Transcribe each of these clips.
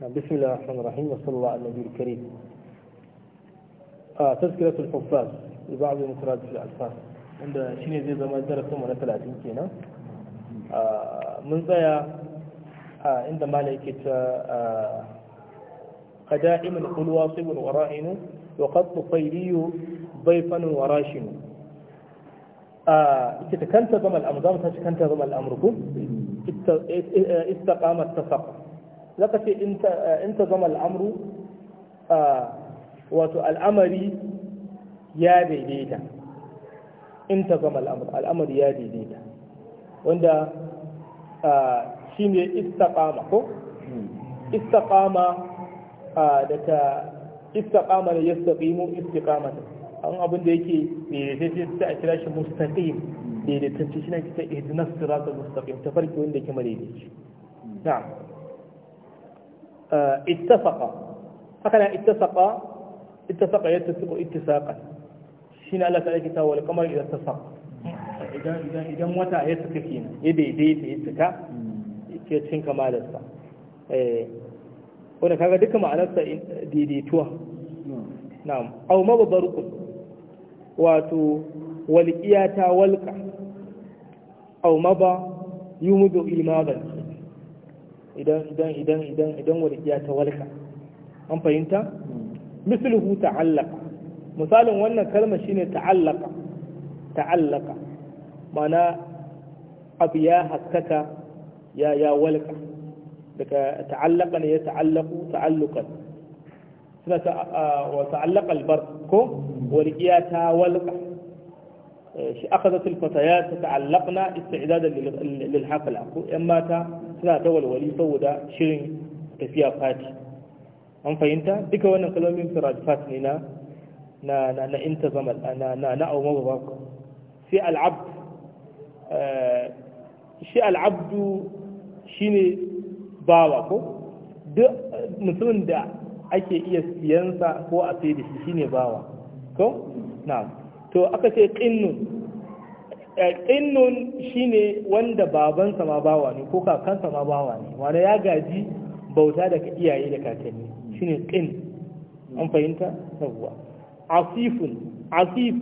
بسم الله الرحمن الرحيم وصلى الله على النبي الكريم آه تذكرة الحفاظ لبعض المترادف الألفاظ عند شيني زي زمان درسهم وانا ثلاثين كينا آه من زيا آه عند مالكة آه قدائم قل واصب ورائن وقد طفيلي ضيفا وراشن آه كنت زمن الأمر زمن كنت زمن الأمر استقام التفقه zaka ce eh, in ta zama al'amru ah, wato al'amari ya daidaita in ta zama al'amari ya daidaita wanda ah, shi ne istaƙama ko? istaƙama ah, daga istaƙama da ya staƙimu ta an abin da yake daidaitacce sai a kira shi mustaƙim daidaitacce shi na kita ihdinas siratul ta tafarki wanda kima madaidaici na'am ittafaqa haka ittafaqa ittafaqa ya tafiqu ittifaqan shine Allah ta'ala ke ta wal kamar idan tasaq idan idan idan wata ya tuka kenan ya daidaita ya tuka ke cin kamalarsa eh wanda kaga duka ma'anarsa daidaituwa na'am aw mababarukun wato walqiya ta walqa aw maba idan idan idan ta walka an fahimta misluhu ta'allaka misalin wannan kalmar shine ta'allaka ta'allaka mana abu ya haskaka ya ya walka daga ta'allaka ne ya ta'allaku ta'allukan suna wa ta'allaka albar ko warkiya ta walka eh, shi aka akhadhat alfatayat ta'allaqna isti'dadan lil hafla ko yan mata suna ta walwali saboda shirin tafiya fati an fahimta duka wannan firaj fati ne na na na na na na na ba sai al'abd eh, shi al'abdu shine bawa ko duk mutumin da ake iya siyansa ko a sai da shi shine bawa ko na to aka ce qinnun nun shi ne wanda babansa ma bawa ne ko kakansa ma bawa ne wanda ya gaji bauta daga iyaye da kakanni shi ne ƙin an fahimta sabuwa asifun asif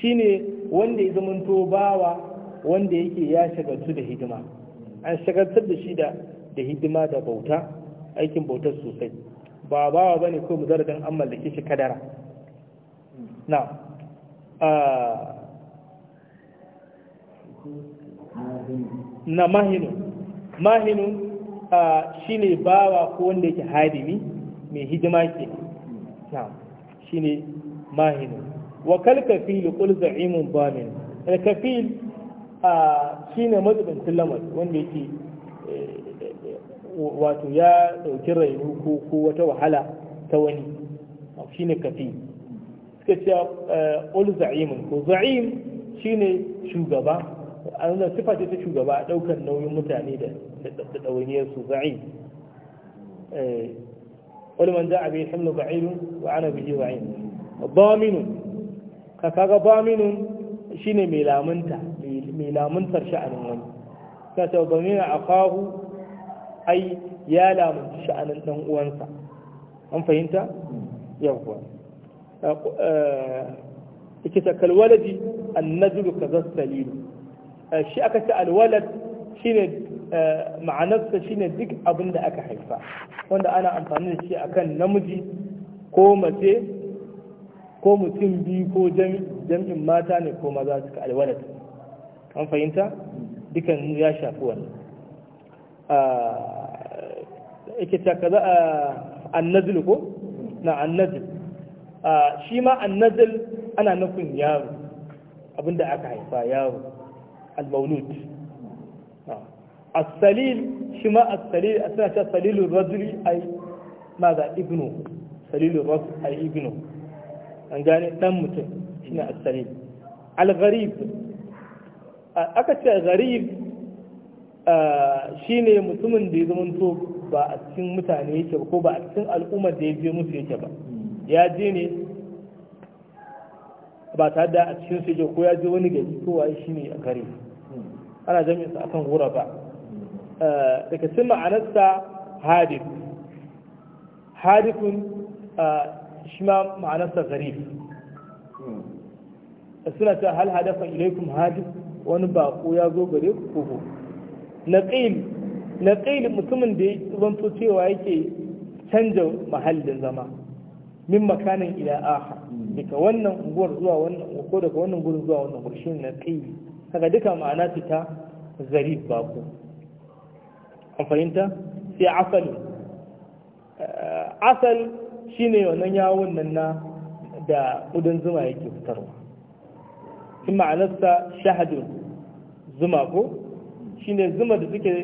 shi ne wanda ya zamanto bawa wanda yake ya shagaltu da hidima an shagaltar da shi da hidima da bauta aikin bautar sosai ba bawa ba ne ko don an mallake shi kadara na na mahinu mahinu shi ne bawa ko wanda yake hadimi mai hijima ke shi ne mahinu wakal kafil kul za'imun bamin kafil shi ne mazubin lamar wanda yake e, e, e, wato ya ɗauki rainu ko wata wahala ta wani shi ne kafil suka ce ul za'imun ko za'im shi ne shugaba a wannan sifa ce ta shugaba a daukar nauyin mutane da ɗawainiyar su ba'i eh, wani man za a bai hamlu ba'inu wa ana bihi ba'in baminun ka kaga baminun shine mai lamunta mai lamuntar sha'anin wani ka ta a akahu ai ya lamunta sha'anin dan uwansa an fahimta yawwa eh, ita ta kalwalaji annazulu kaza salilu Eh, shi aka ce alwalad shine eh, ma'anarsa shine duk abin da aka haifa wanda ana amfani da shi akan namiji ko mace ko mutum biyu ko jam'in mata ne ko maza suka alwalad an fahimta dukan ya shafi wannan eh, ake ta kaza annazil ko na annazil shi ma annazil ana nufin yaro abinda aka haifa yaro al-maulud ah. as-salil shi ma as-salil suna cewa salilul rajuli ai maza ibnu salilul rajul ai ibnu an gane dan mutum shi ne as-salil al-gharib aka ce gharib ne mutumin da ya zamanto ba a cikin mutane yake ba ko ba a cikin al'ummar da ya je musu yake ba ya je ne ba tare da a cikin su yake ko ya je wani gari to waye shine gharib ana jami'in sa akan ghuraba eh, daga cikin ma'anarsa hadif hadifun eh, shi ma ma'anarsa garif eh, suna ta hal hadafa ilaikum hadif wani bako ya zo gare ku ko naqil naqil mutumin da ya zanto cewa yake canja mahallin zama min makanin ila aha daga wannan unguwar zuwa wannan ko daga wannan gurin zuwa wannan gurin shi naqil kaga duka ma'ana ta zarif baku an fahimta sai asali eh, asal shine wannan yawon nan na da udun zuma yake fitarwa shi ma'anarsa shahadun zuma ko ne zuma da suke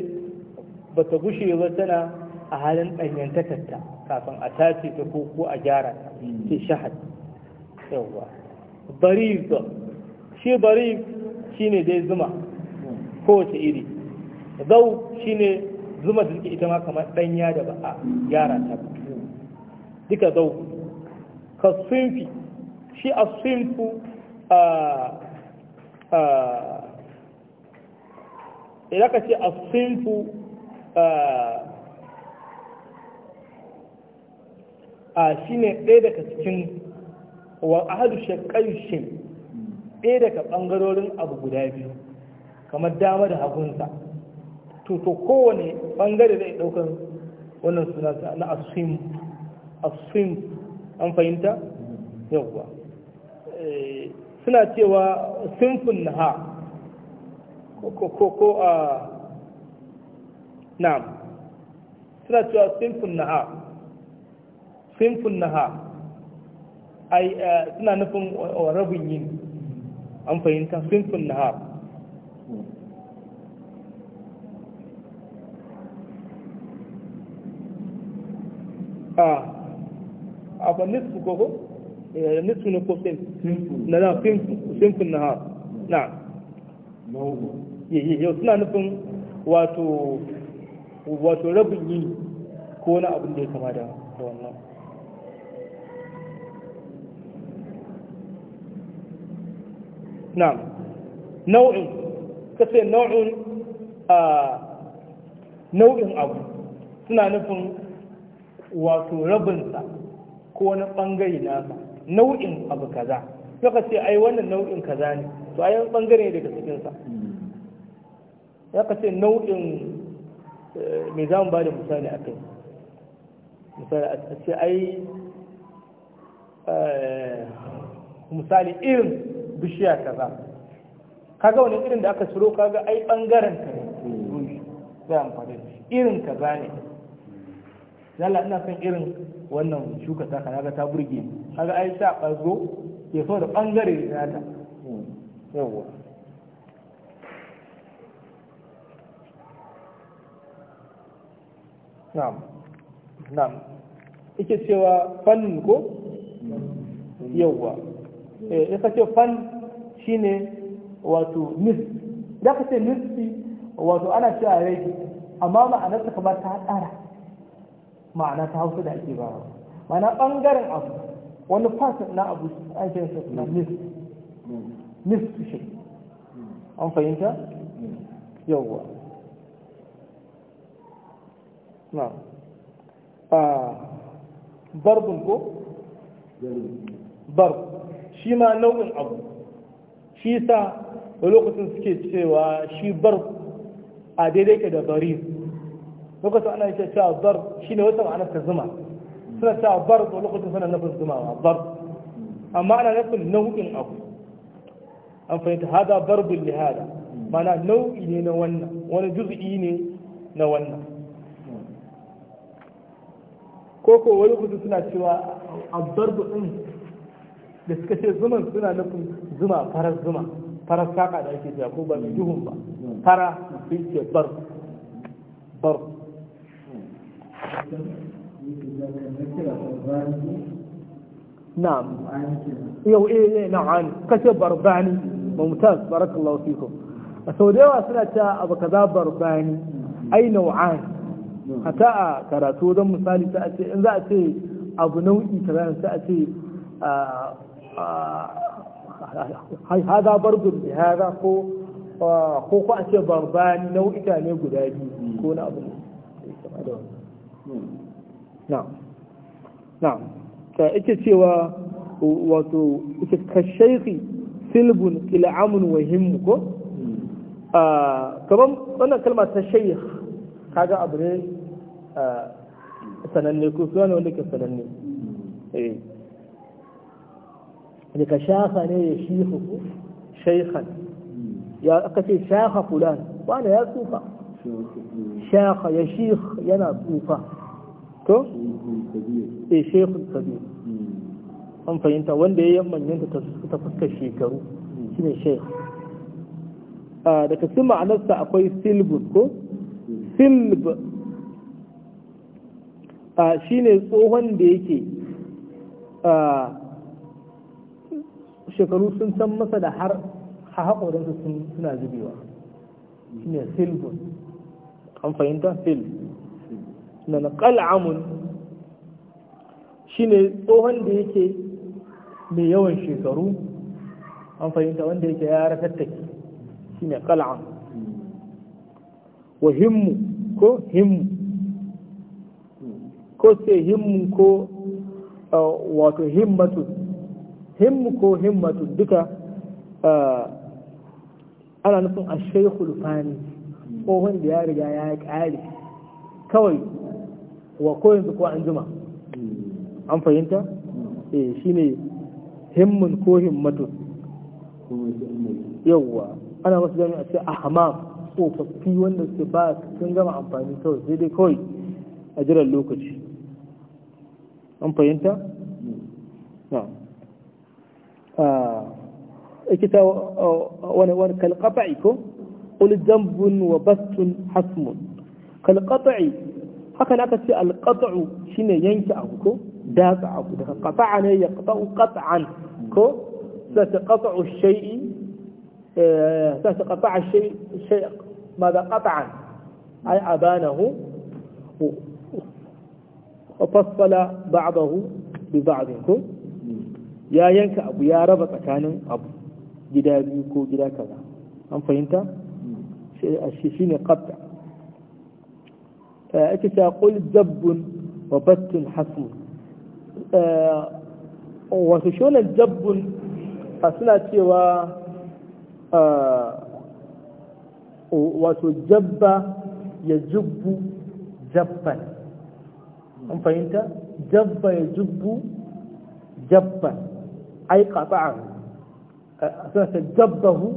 ba ta gushe ba tana a halin ɗanyantakarta kafin a tace ta ko ko a gyara ta ke shahad yawwa barif shi bari. shine dai zuma kowace iri zau shine zuma da suke ita ma kamar danya da ba a gyara ta duka zau ka sunfi shi a sunfu idan ka ce a sunfu a shine ɗaya daga cikin wa ahadu shakkai shin ɗaya daga ɓangarorin abu guda biyu kamar dama da hagunsa to to kowane ɓangare zai ɗaukar wannan suna na asim asim an fahimta yawwa eh, suna cewa sinfin na ha ko a na suna cewa sinfin na ha sinfin na ha eh, suna nufin eh, rabin yini an fahimta sinfin nahar a abu nisfu koko eh, nisfu ne ko sinfin na na sinfin nahar na yau suna nufin wato rabin yi ko na abin da ya kama da wannan نعم نوع ka ce nau'in abu suna nufin wato rabinsa ko wani bangare nasa nau'in abu kaza suka ce ai wannan nau'in kaza ne to ai wani bangare daga cikinsa ya kace nau'in eh, mai zamu ba da misali a a ce eh, misali irin bishiya kaza kaga wani irin da aka ciro kaga ai bangaren ka ne sai amfani irin kaza ne yalla ina son irin wannan shuka ta kaga ta burge kaga ai sa bazo ke so da bangare na ta yawa na'am na'am ike cewa fannin ko yawa eh ya ce fannin shine wato nis da ka ce nisfi wato ana cewa rage amma ma'anarsa kamar ta tsara ma'ana ta hausa da ake ba ma'ana bangaren abu wani fasin na abu an ce na nis nis shi an fahimta yawwa na ah, barbun ko barbun shi ma nau'in abu shi sa lokacin suke cewa shi bar a daidai ke da bari lokacin ana ce cewa bar shi ne wata ma'anar ta zuma suna cewa bar a lokacin suna nufin zumawa bar amma ana nufin nau'in abu an fahimta hada barbin lihada mana nau'i ne na wannan wani juzu'i ne na wannan ko ko wani kudu suna cewa a abdarbu din da suka ce zuman suna nufin zuma farar zuma farar saka da ake cewa ko ba mai duhun ba fara sun ce bar bar na'am yau eh, eh na'am kace barbani mumtaz barakallahu fikum sau da yawa suna ta abu kaza barbani ai nau'an hata a karatu don misali ta ce in za a ce abu nau'i kaza sai a ce ah, haza barbun da haza ko ko ko a ce barbani nau'ika ne guda biyu ko na abu na na ta ita cewa wato ita ka shaikhi silbun il'amun wa himmu ko kaman wannan kalma ta shaikh kaga abu sananne ko suna wanda ke sananne eh daga shafa ne ya shi shihu shaikhan ya aka ce shafa fulan wani ya tsufa shafa ya shi yana tsufa to eh shaykhun sabi an fahimta wanda ya yi manyanta ta fuskar shekaru shine shaikh ah, daga cikin ma'anarsa akwai silbus ko silb ah, shine tsohon da yake ah, shekaru sun san masa da har haƙorinsu suna zubewa shi ne silbun an fahimta fil na na ƙal'amun shi ne tsohon da yake mai yawan shekaru an fahimta wanda yake ya ratattake shi ne ƙal'am wa himmu ko himmu ko sai himmu ko uh, wato himmatu himmu ko himmatu duka eh, ana nufin a shaikhul fani ko wanda ya riga ya ƙare kawai wa ko yanzu ko an jima an fahimta eh shine himmun ko himmatu yawwa ana wasu gani a ce ko tsofaffi wanda su ba sun gama amfani kawai sai dai kawai a jiran lokaci an fahimta? كتا وانا وانا كالقطع قل ذنب وبث حسم كالقطع هكذا نكتب القطع شين ينكع كو داس عبد قطع يقطع قطعا كو قطع الشيء آه، قطع الشيء الشيء ماذا قطعا أي أبانه وفصل بعضه ببعضكم يا ينكع أبو يا ربط كان أبو جدا بيكو جدا كذا هم فهمت الشيشين قطع أكسا قل زب وبت حسم وشون الزب أصنع تيوا واسو جب يجب جبا هم فهمت جب يجب جبا أي قطعا suna ta jabbahu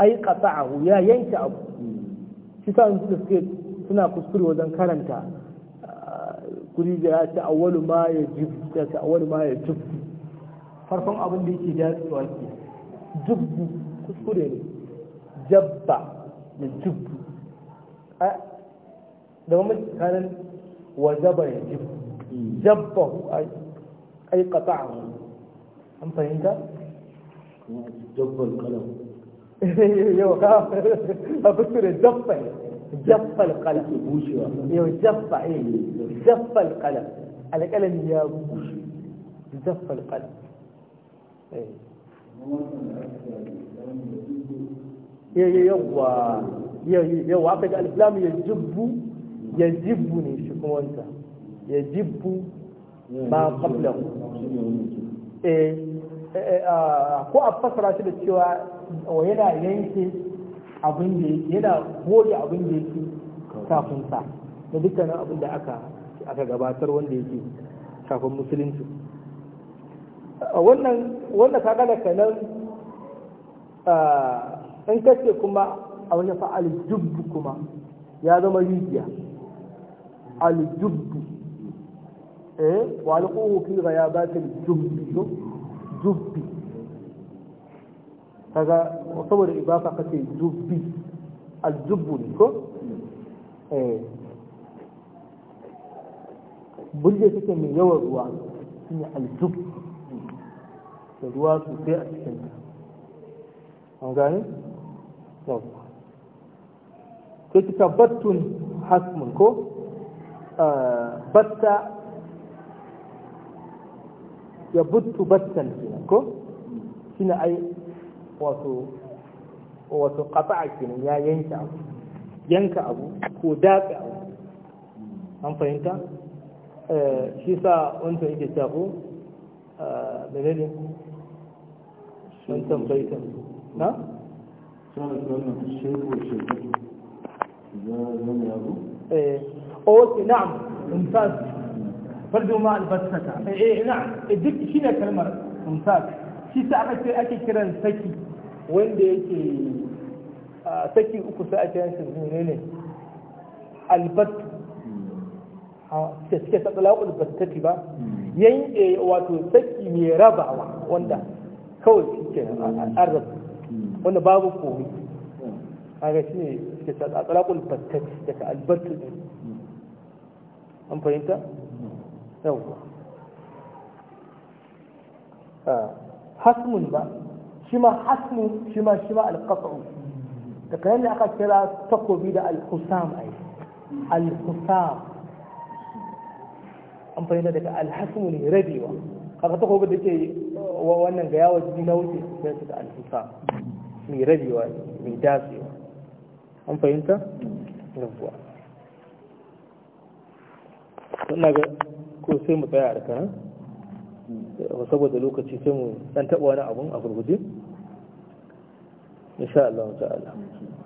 ai qata'ahu ya yanke abu shi sa da suke suna kuskure wajen karanta kuri da ya ce awwalu ma ya jibbi ya ce awwalu ma ya jibbi farkon abin da yake datsuwa ke jibbi kuskure ne jabba da jibbi da wani tsakanin wa jaba ya jibbi jabbahu ai qata'ahu an fahimta الدب القلم يو ها بصير الدب الدب القلم يو الدب عين الدب القلم على قلم يا بوش الدب القلم يا يا يوا يا يا يوا أبدا الإسلام يجب يجبني شو كمان يجب ما قبله إيه ko a fasara shi da cewa wa yana yanke abin da yana goge abin da yake kafin sa da dukkanin abin da aka aka gabatar wanda yake kafin musulunci wannan wanda ka gada kanan in kace kuma a wani fa aljubbu kuma ya zama rijiya aljubbu eh wa alquhu fi al aljubbu jubbi kaga saboda ibafa kace jubbi aljubbu ne ko eh bulle take mai yawan ruwa shine aljub da ruwa sosai a cikin ta an gani? yau sai kita battun hasmun ko eh, batta ya buttu battan kenan ko shine ai wato wato qata'a kenan ya yanka abu yanka abu ko datsa abu an fahimta eh, shi sa wanda yake cewa ko eh, menene na? Eh, oh, na'am, in fact, fardu ma albassaka eh ina eh, eh, duk shine kalmar imsak shi sa aka ce ake kiran saki wanda yake saki uku sai ake yin shi ne albat da suke sadala albattati ba hmm. yanke eh, wato saki mai rabawa wanda kawai shi ke an rabu hmm. wanda babu komi hmm. kaga shi ne suke sadala albattati daga albattu ne an fahimta yawwa ah, hasmun ba shi ma hasmun shi ma shi ma alƙasa'u daga yadda aka kira takobi da alhusam ai alhusam an fahimta daga alhasmu ne rabewa kaka takobi da ke wannan ga yawon jini na wuce sai su da alhusam mai rabewa mai dasewa an fahimta? rabuwa. ko sai mu tsaya a kanan saboda lokaci sai mu dan taɓa wani abun a gurguje insha Allah ta'ala